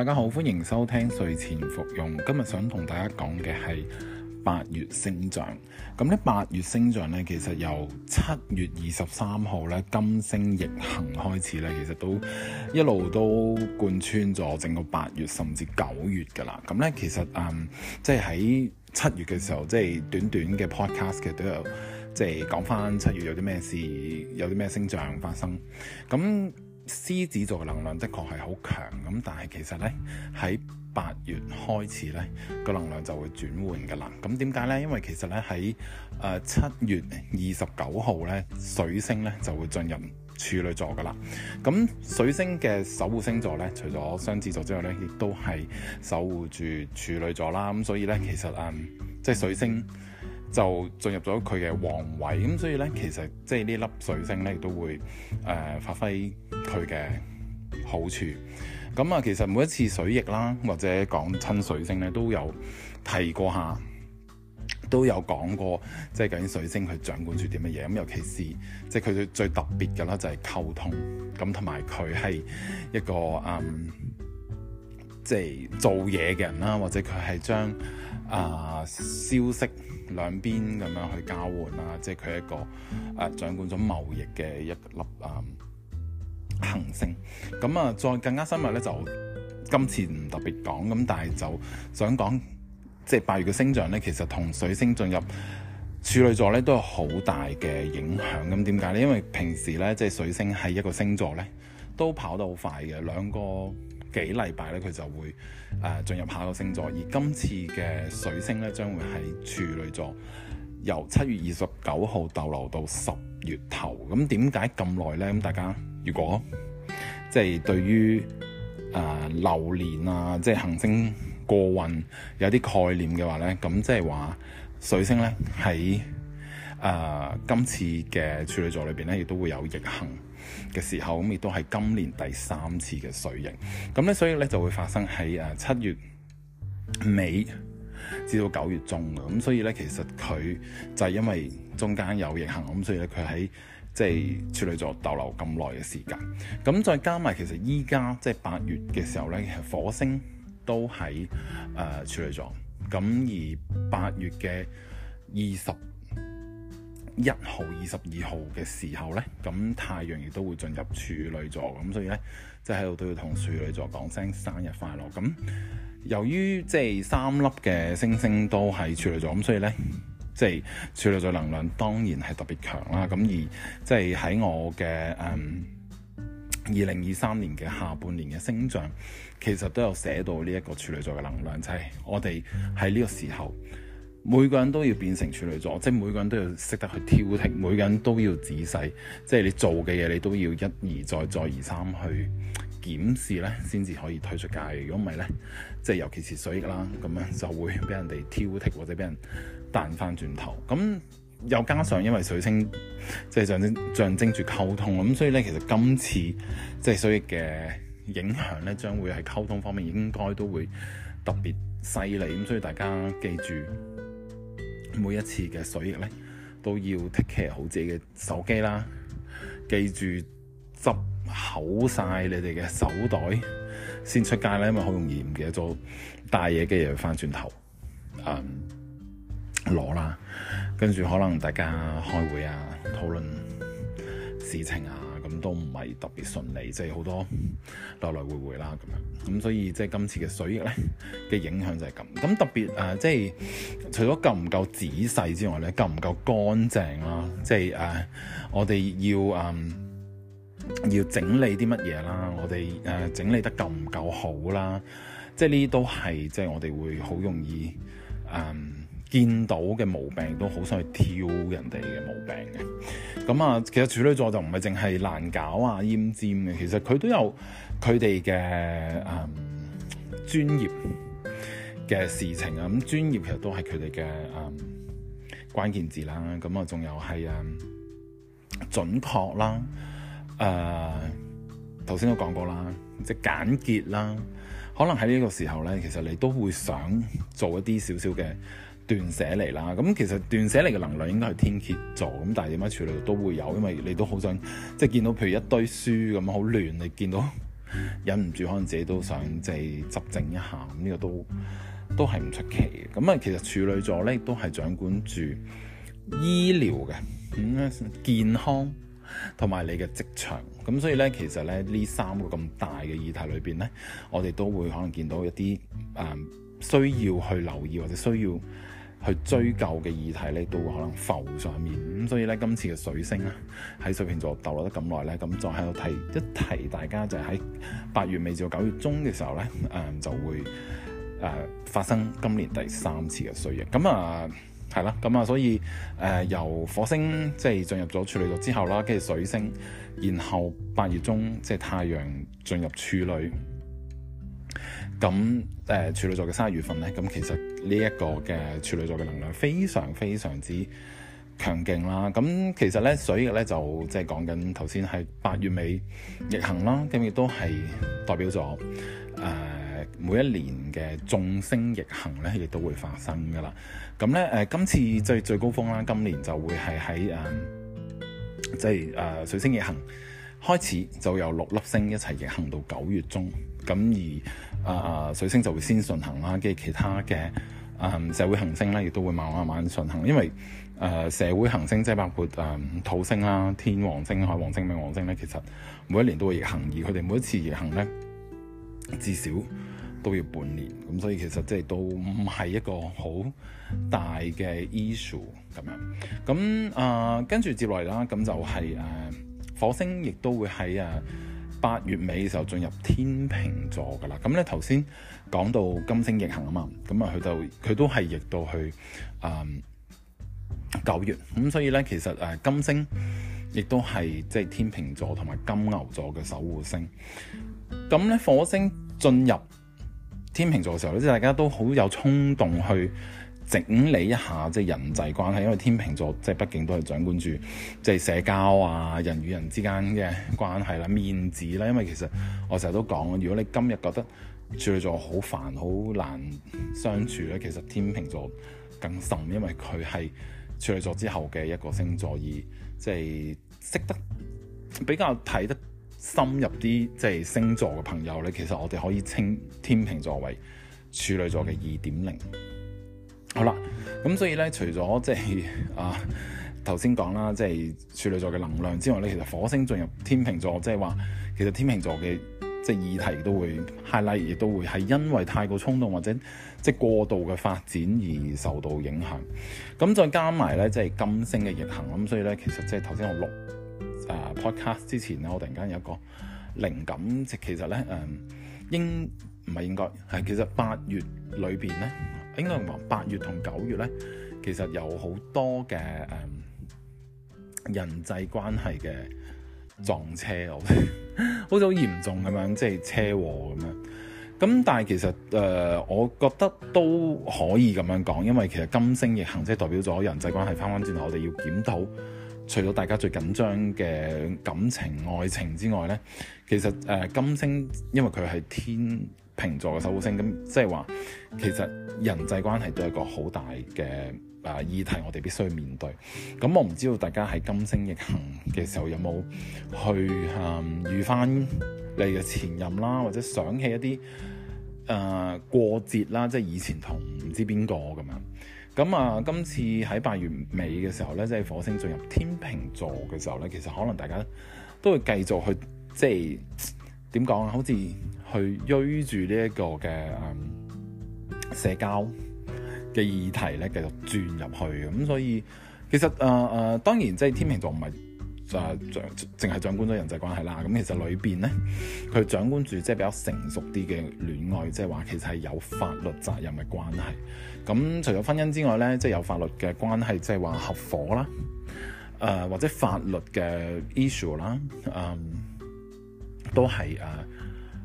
大家好，歡迎收聽睡前服用。今日想同大家講嘅係八月星象。咁咧，八月星象咧，其實由七月二十三號咧金星逆行開始咧，其實都一路都貫穿咗整個八月，甚至九月噶啦。咁咧，其實嗯，即係喺七月嘅時候，即係短短嘅 podcast 嘅都有，即係講翻七月有啲咩事，有啲咩星象發生咁。獅子座嘅能量的確係好強咁，但係其實呢，喺八月開始呢個能量就會轉換噶啦。咁點解呢？因為其實呢，喺誒七月二十九號呢，水星呢就會進入處女座噶啦。咁水星嘅守護星座呢，除咗雙子座之外呢，亦都係守護住處女座啦。咁所以呢，其實誒，嗯，即係水星。就進入咗佢嘅王位，咁所以咧，其實即係呢粒水星咧，亦都會誒、呃、發揮佢嘅好處。咁、嗯、啊，其實每一次水逆啦，或者講親水星咧，都有提過下，都有講過，即係究竟水星佢掌管住啲乜嘢。咁、嗯、尤其是即係佢最特別嘅啦，就係溝通。咁同埋佢係一個嗯，即係做嘢嘅人啦，或者佢係將。啊，消息兩邊咁樣去交換啦、啊，即係佢一個誒、啊、掌管咗貿易嘅一粒誒、啊、行星。咁啊，再更加深入咧，就今次唔特別講，咁但係就想講，即係八月嘅星象咧，其實同水星進入處女座咧，都有好大嘅影響。咁點解咧？因為平時咧，即係水星喺一個星座咧，都跑得好快嘅兩個。幾禮拜咧，佢就會誒進入下個星座，而今次嘅水星咧，將會喺處女座，由七月二十九號逗留到十月頭。咁點解咁耐咧？咁大家如果即係對於誒流年啊，即係行星過運有啲概念嘅話咧，咁即係話水星咧喺誒今次嘅處女座裏邊咧，亦都會有逆行。嘅時候，咁亦都係今年第三次嘅水型，咁咧，所以咧就會發生喺誒七月尾至到九月中嘅，咁所以咧，其實佢就係因為中間有逆行咁，所以咧佢喺即係處女座逗留咁耐嘅時間，咁再加埋其實依家即係八月嘅時候咧，其實火星都喺誒、呃、處女座，咁而八月嘅二十一號、二十二號嘅時候呢，咁太陽亦都會進入處女座，咁所以呢，即係喺度都要同處女座講聲生日快樂。咁由於即係三粒嘅星星都係處女座，咁所以呢，即係處女座能量當然係特別強啦。咁而即係喺我嘅嗯二零二三年嘅下半年嘅星象，其實都有寫到呢一個處女座嘅能量，就係我哋喺呢個時候。每個人都要變成處女座，即係每個人都要識得去挑剔，每個人都要仔細，即係你做嘅嘢你都要一而再、再而三去檢視咧，先至可以推出界。如果唔係咧，即係尤其是水逆啦，咁樣就會俾人哋挑剔或者俾人彈翻轉頭。咁又加上因為水星即係象徵象徵住溝通啦，咁所以咧其實今次即係水逆嘅影響咧，將會係溝通方面應該都會特別犀利。咁所以大家記住。每一次嘅水逆咧，都要 take care 好自己嘅手機啦，記住執好曬你哋嘅手袋先出街咧，因為好容易唔記得咗帶嘢嘅嘢翻轉頭，誒、嗯、攞啦，跟住可能大家開會啊，討論事情啊。都唔係特別順利，即係好多來來回回啦，咁樣咁，所以即係今次嘅水逆咧嘅影響就係咁咁特別誒、呃，即係除咗夠唔夠仔細之外咧，夠唔夠乾淨啦？即係誒、呃，我哋要誒、呃、要整理啲乜嘢啦？我哋誒、呃、整理得夠唔夠好啦？即係呢啲都係即係我哋會好容易誒。呃見到嘅毛病都好想去挑人哋嘅毛病嘅。咁啊，其實處女座就唔係淨係難搞啊、奄尖嘅，其實佢都有佢哋嘅嗯專業嘅事情啊。咁、嗯、專業其實都係佢哋嘅嗯關鍵字啦。咁、嗯、啊，仲有係啊、嗯，準確啦。誒頭先都講過啦，即、就、係、是、簡潔啦。可能喺呢個時候咧，其實你都會想做一啲少少嘅。斷捨離啦，咁其實斷捨離嘅能量應該係天蠍座，咁但係點解處女座都會有？因為你都好想即係見到譬如一堆書咁好亂，你見到忍唔住可能自己都想即係執整一下，呢個都都係唔出奇嘅。咁啊，其實處女座咧都係掌管住醫療嘅咁健康同埋你嘅職場，咁所以咧其實咧呢三個咁大嘅議題裏邊咧，我哋都會可能見到一啲誒。嗯需要去留意或者需要去追究嘅議題咧，都會可能浮上面咁，所以呢，今次嘅水星咧喺水瓶座逗留得咁耐呢，咁再喺度提一提，大家就喺、是、八月尾至到九月中嘅時候呢，誒、嗯、就會誒、呃、發生今年第三次嘅水逆。咁、嗯、啊，係、嗯、啦，咁、嗯、啊、嗯，所以誒、呃、由火星即係、就是、進入咗處女座之後啦，跟、就、住、是、水星，然後八月中即係、就是、太陽進入處女。咁誒、呃、處女座嘅三月份咧，咁其實呢一個嘅處女座嘅能量非常非常之強勁啦。咁其實咧，水月咧就即係講緊頭先係八月尾逆行啦，咁亦都係代表咗誒、呃、每一年嘅眾星逆行咧，亦都會發生噶啦。咁咧誒，今次即係最高峰啦，今年就會係喺誒即係誒水星逆行開始，就由六粒星一齊逆行到九月中。咁而啊、呃、水星就會先順行啦，跟住其他嘅啊、呃、社會行星咧，亦都會慢慢慢慢順行。因為啊、呃、社會行星即係包括啊、呃、土星啦、天王星、海王星、冥王星咧，其實每一年都會逆行，而佢哋每一次逆行咧，至少都要半年。咁所以其實即係都唔係一個好大嘅 issue 咁樣。咁、呃就是、啊跟住接落嚟啦，咁就係誒火星亦都會喺誒。啊八月尾嘅時候進入天秤座噶啦，咁咧頭先講到金星逆行啊嘛，咁啊佢就佢都係逆到去啊、嗯、九月，咁所以咧其實誒、啊、金星亦都係即係天秤座同埋金牛座嘅守護星，咁咧火星進入天秤座嘅時候咧，即係大家都好有衝動去。整理一下即係人際關係，因為天秤座即係畢竟都係掌管住即係社交啊，人與人之間嘅關係啦、面子啦。因為其實，我成日都講，如果你今日覺得處女座好煩好難相處咧，其實天秤座更甚，因為佢係處女座之後嘅一個星座，而即係識得比較睇得深入啲，即係星座嘅朋友咧，其實我哋可以稱天秤座為處女座嘅二點零。好啦，咁所以咧，除咗即係啊，頭先講啦，即係處女座嘅能量之外咧，其實火星進入天秤座，即係話，其實天秤座嘅即係議題都會 highlight，亦都會係因為太過衝動或者即係過度嘅發展而受到影響。咁再加埋咧，即係金星嘅逆行咁，所以咧，其實即係頭先我錄啊 podcast 之前咧，我突然間有一個靈感，即其實咧，誒、嗯，應唔係應該係，其實八月裏邊咧。應該話八月同九月咧，其實有好多嘅誒、嗯、人際關係嘅撞車，好似好嚴重咁樣，即、就、係、是、車禍咁樣。咁但係其實誒、呃，我覺得都可以咁樣講，因為其實金星逆行即係代表咗人際關係翻返轉頭，我哋要檢討除咗大家最緊張嘅感情、愛情之外咧，其實誒、呃、金星因為佢係天秤座嘅守護星，咁即係話其實。人際關係都係一個好大嘅啊議題，我哋必須面對。咁我唔知道大家喺金星逆行嘅時候有冇去、嗯、遇翻你嘅前任啦，或者想起一啲啊、呃、過節啦，即係以前同唔知邊個咁樣。咁啊，今次喺八月尾嘅時候咧，即係火星進入天秤座嘅時候咧，其實可能大家都會繼續去即係點講啊，好似去追住呢一個嘅嗯社交嘅議題咧，繼續轉入去咁、嗯，所以其實誒誒、呃呃，當然即係天秤座唔係誒，淨、呃、係、呃呃、掌管咗人際關係啦。咁、嗯、其實裏邊咧，佢掌管住即係比較成熟啲嘅戀愛，即係話其實係有法律責任嘅關係。咁、嗯、除咗婚姻之外咧，即、就、係、是、有法律嘅關係，即係話合伙啦，誒、呃、或者法律嘅 issue 啦，嗯，都係誒誒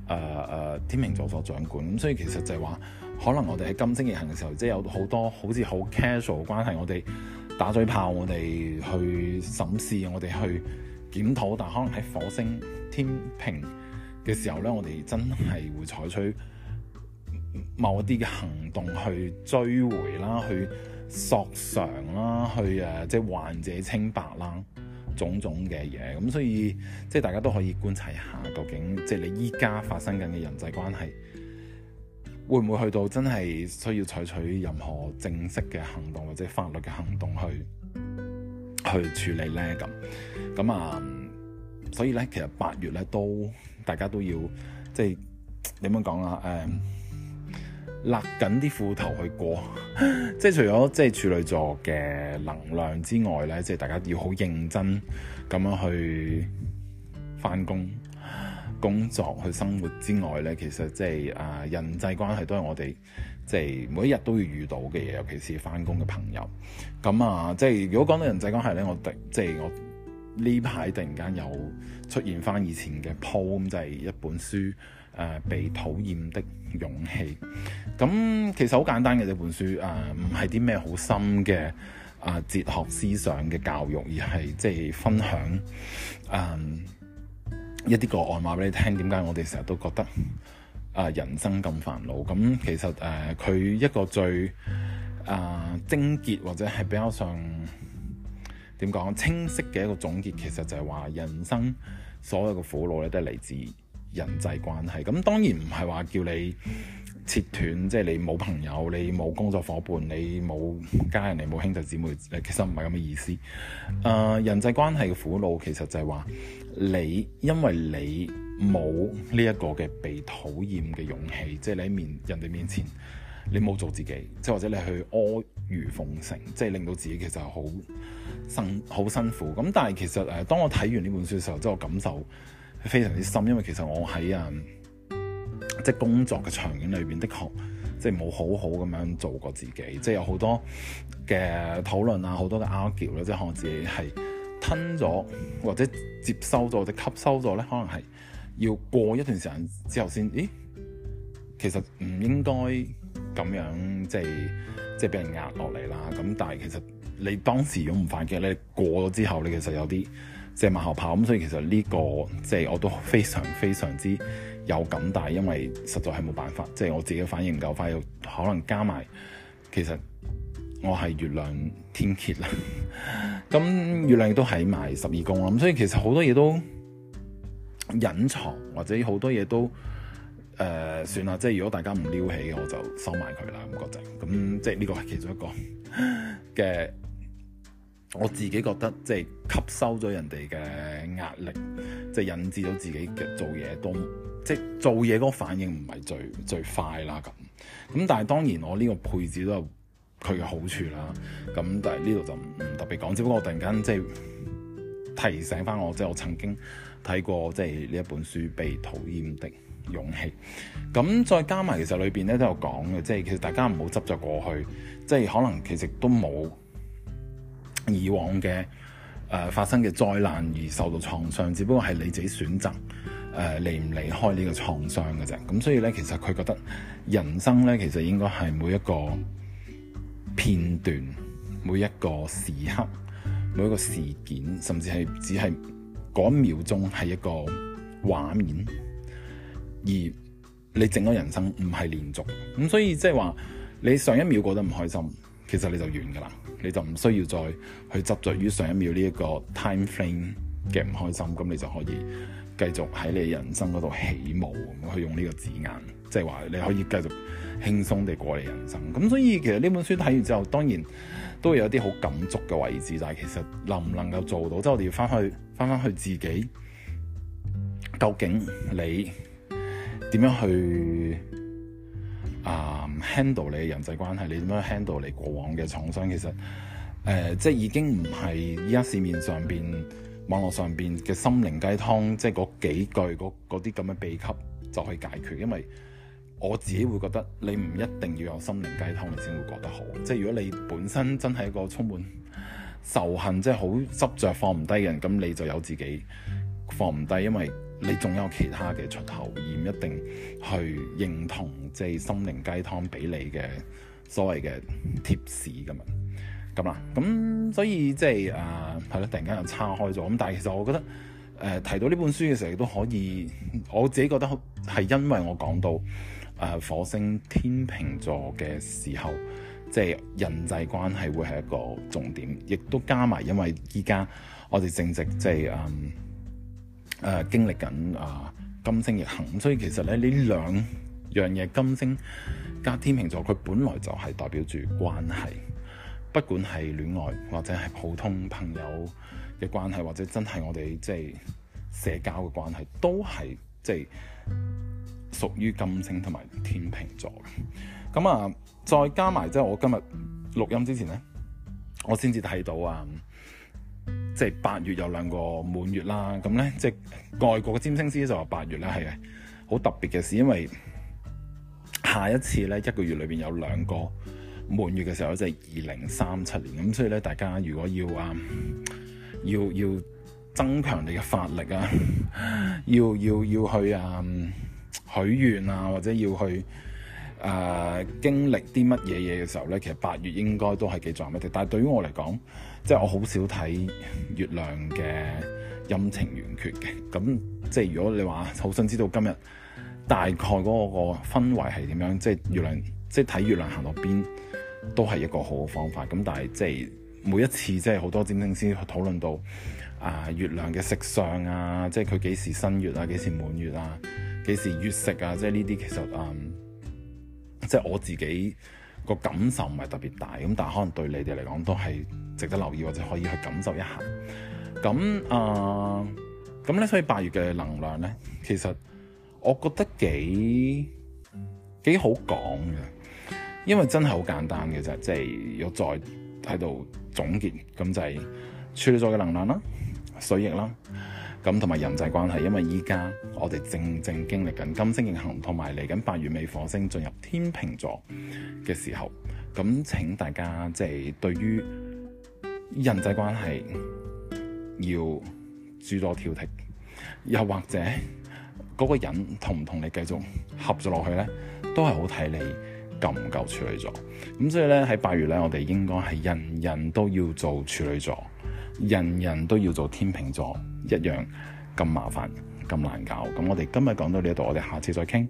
誒天秤座所掌管。咁所以其實就係話。可能我哋喺金星逆行嘅時候，即係有好多好似好 casual 關係，我哋打嘴炮，我哋去審視，我哋去檢討，但可能喺火星天秤嘅時候咧，我哋真係會採取某一啲嘅行動去追回啦，去索償啦，去誒即係還者清白啦，種種嘅嘢。咁所以即係大家都可以觀察一下，究竟即係你依家發生緊嘅人際關係。會唔會去到真係需要採取，取任何正式嘅行動或者法律嘅行動去去處理呢？咁咁啊，所以呢，其實八月呢，都大家都要即係點樣講啊？誒、嗯，勒緊啲褲頭去過 即，即係除咗即係處女座嘅能量之外呢，即係大家要好認真咁樣去翻工。工作去生活之外呢，其實即係啊，人際關係都係我哋即係每一日都會遇到嘅嘢，尤其是翻工嘅朋友。咁啊，即係如果講到人際關係呢，我特即係我呢排突然間有出現翻以前嘅 po，咁就係一本書誒、啊、被討厭的勇氣。咁其實好簡單嘅呢本書誒唔係啲咩好深嘅啊哲學思想嘅教育，而係即係分享誒。啊一啲個案話俾你聽，點解我哋成日都覺得啊、呃、人生咁煩惱？咁、嗯、其實誒佢、呃、一個最啊癥結或者係比較上點講清晰嘅一個總結，其實就係話人生所有嘅苦惱咧，都係嚟自人際關係。咁、嗯、當然唔係話叫你，切斷，即係你冇朋友，你冇工作伙伴，你冇家人，你冇兄弟姊妹，其實唔係咁嘅意思。誒、呃，人際關係嘅苦惱其實就係話，你因為你冇呢一個嘅被討厭嘅勇氣，即係你喺面人哋面前，你冇做自己，即係或者你去阿諛奉承，即係令到自己其實好辛好辛苦。咁但係其實誒、呃，當我睇完呢本書嘅時候，即係我感受非常之深，因為其實我喺誒。嗯即工作嘅場景裏邊，的確即係冇好好咁樣做過自己，即係有好多嘅討論啊，好多嘅 argue 咧，即可能自己係吞咗或者接收咗或者吸收咗咧，可能係要過一段時間之後先，咦？其實唔應該咁樣，即係即係俾人壓落嚟啦。咁但係其實你當時如果唔反擊咧，你過咗之後你其實有啲。即係馬後炮，咁，所以其實呢、這個即係、就是、我都非常非常之有感，但係因為實在係冇辦法，即、就、係、是、我自己反應唔夠快，又可能加埋，其實我係月亮天蠍啦。咁 月亮亦都喺埋十二宮啦，咁所以其實好多嘢都隱藏，或者好多嘢都誒、呃、算啦。即、就、係、是、如果大家唔撩起，我就收埋佢啦咁個整。咁即係呢個係其中一個嘅。我自己覺得即係吸收咗人哋嘅壓力，即係引致到自己嘅做嘢都即係做嘢嗰個反應唔係最最快啦咁。咁但係當然我呢個配置都有佢嘅好處啦。咁但係呢度就唔特別講，只不過我突然間即係提醒返我，即係我曾經睇過即係呢一本書《被討厭的勇氣》。咁再加埋其實裏邊咧都有講嘅，即係其實大家唔好執著過去，即係可能其實都冇。以往嘅誒、呃、發生嘅災難而受到創傷，只不過係你自己選擇誒、呃、離唔離開呢個創傷嘅啫。咁所以咧，其實佢覺得人生咧，其實應該係每一個片段、每一個時刻、每一個事件，甚至係只係嗰一秒鐘係一個畫面。而你整個人生唔係連續，咁所以即係話你上一秒過得唔開心。其實你就完㗎啦，你就唔需要再去執著於上一秒呢一個 time frame 嘅唔開心，咁你就可以繼續喺你人生嗰度起舞，咁去用呢個字眼，即係話你可以繼續輕鬆地過你人生。咁所以其實呢本書睇完之後，當然都係有啲好感觸嘅位置，但係其實能唔能夠做到，即係我哋要翻去翻翻去自己，究竟你點樣去？啊、um，handle 你嘅人際關係，你點樣 handle 你過往嘅創傷？其實，呃、即係已經唔係依家市面上邊、網絡上邊嘅心靈雞湯，即係嗰幾句、嗰啲咁嘅秘笈就可以解決。因為我自己會覺得，你唔一定要有心靈雞湯，你先會覺得好。即係如果你本身真係一個充滿仇恨、即係好執着、放唔低嘅人，咁你就有自己放唔低，因為。你仲有其他嘅出口，而唔一定去認同即係心靈雞湯俾你嘅所謂嘅貼士咁樣咁啦。咁所以即係啊，係、呃、咯，突然間又岔開咗。咁但係其實我覺得誒、呃、提到呢本書嘅時候，亦都可以我自己覺得係因為我講到誒、呃、火星天秤座嘅時候，即係人際關係會係一個重點，亦都加埋因為依家我哋正值即係嗯，呃誒、呃、經歷緊啊金星逆行，所以其實咧呢兩樣嘢金星加天秤座，佢本來就係代表住關係，不管係戀愛或者係普通朋友嘅關係，或者真係我哋即係社交嘅關係，都係即係屬於金星同埋天秤座嘅。咁啊，再加埋即係我今日錄音之前呢，我先至睇到啊。即係八月有兩個滿月啦，咁咧即係外國嘅占星師就話八月咧係啊好特別嘅事，因為下一次咧一個月裏邊有兩個滿月嘅時候就係二零三七年，咁所以咧大家如果要啊要要增強你嘅法力啊，要要要去啊許願啊或者要去。誒、uh, 經歷啲乜嘢嘢嘅時候咧，其實八月應該都係幾重要一啲。但係對於我嚟講，即、就、係、是、我好少睇月亮嘅陰晴圓缺嘅。咁即係如果你話好想知道今日大概嗰、那個那個氛圍係點樣？即係月亮，即係睇月亮行到邊都係一個好嘅方法。咁但係即係每一次即係好多占星師去討論到啊月亮嘅食相啊，即係佢幾時新月啊，幾時滿月啊，幾時月食啊，即係呢啲其實誒。嗯即係我自己個感受唔係特別大咁，但係可能對你哋嚟講都係值得留意或者可以去感受一下。咁啊，咁、呃、咧，所以八月嘅能量咧，其實我覺得幾幾好講嘅，因為真係好簡單嘅就即、是、係要再喺度總結咁就係處女座嘅能量啦，水逆啦。咁同埋人際關係，因為依家我哋正正經歷緊金星逆行，同埋嚟緊八月尾火星進入天秤座嘅時候，咁請大家即係、就是、對於人際關係要諸多挑剔，又或者嗰個人同唔同你繼續合作落去咧，都係好睇你夠唔夠處女座咁。所以咧，喺八月咧，我哋應該係人人都要做處女座，人人都要做天秤座。一樣咁麻煩，咁難搞。咁我哋今日講到呢度，我哋下次再傾。